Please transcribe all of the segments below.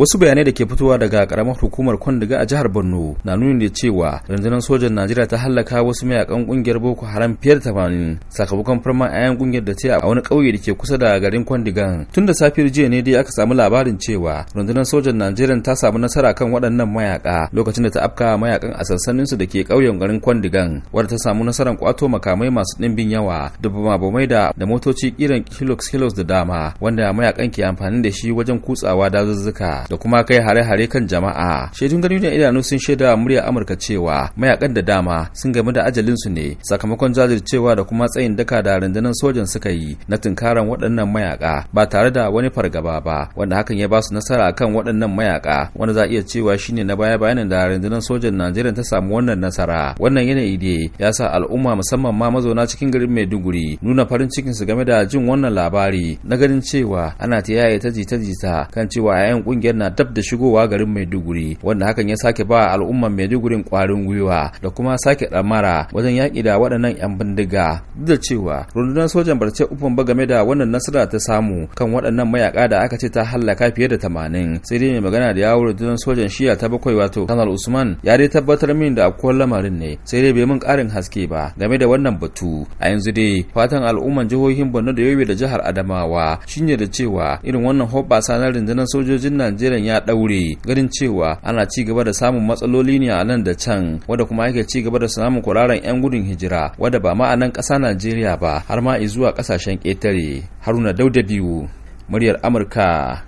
wasu bayanai da ke fitowa daga karamar hukumar kwandiga a jihar borno na nuni da cewa rundunar sojan najeriya ta hallaka wasu mayakan kungiyar boko haram fiye da tamanin sakamakon farman ayan kungiyar da ce a wani kauye da ke kusa da garin kwandigan tun da safiyar jiya ne dai aka samu labarin cewa rundunar sojan najeriya ta samu nasara kan waɗannan mayaka lokacin da ta afka mayakan a sansanin su da ke kauyen garin kwandigan wadda ta samu nasarar kwato makamai masu ɗimbin yawa da bumabumai da da motoci kiran kilos kilos da dama wanda mayakan ke amfani da shi wajen kutsawa dazuzzuka da kuma kai hare-hare kan jama'a shaidun gani da idanu sun shaida murya amurka cewa mayakan da dama sun game da ajalinsu ne sakamakon jajircewa da kuma tsayin daka da rundunar sojan suka yi na tunkaran waɗannan mayaka ba tare da wani fargaba ba wanda hakan ya ba su nasara akan waɗannan mayaka wanda za iya cewa shine na baya bayanin da rundunar sojan najeriya ta samu wannan nasara wannan yanayi ne ya sa al'umma musamman ma mazauna cikin garin maiduguri nuna farin cikin su game da jin wannan labari na ganin cewa ana ta yaye ta jita-jita kan cewa 'ya'yan kungiyar gaskiya na dab da shigowa garin Maiduguri wanda hakan ya sake ba al'ummar Maiduguri kwarin gwiwa da kuma sake damara wajen yaki da waɗannan 'yan bindiga duk da cewa rundunar sojan barce ufan ba game da wannan nasara ta samu kan waɗannan mayaka da aka ce ta hallaka fiye da tamanin sai dai mai magana da yawo rundunar sojan shiya ta bakwai wato kanal usman ya dai tabbatar min da akwai lamarin ne sai dai bai mun karin haske ba game da wannan batu a yanzu dai fatan al'umman jihohin borno da yobe da jihar adamawa shine da cewa irin wannan hobbasa na rundunar sojojin najeriya Najeriya ya daure ganin cewa ana ci gaba da samun matsaloli ne a nan da can wanda kuma yake ci gaba da samun kuraren yan gudun hijira wanda ba ma a nan ƙasa Najeriya ba har ma zuwa kasashen ƙetare Haruna Dauda biyu muryar Amurka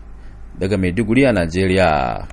daga Maiduguri a Najeriya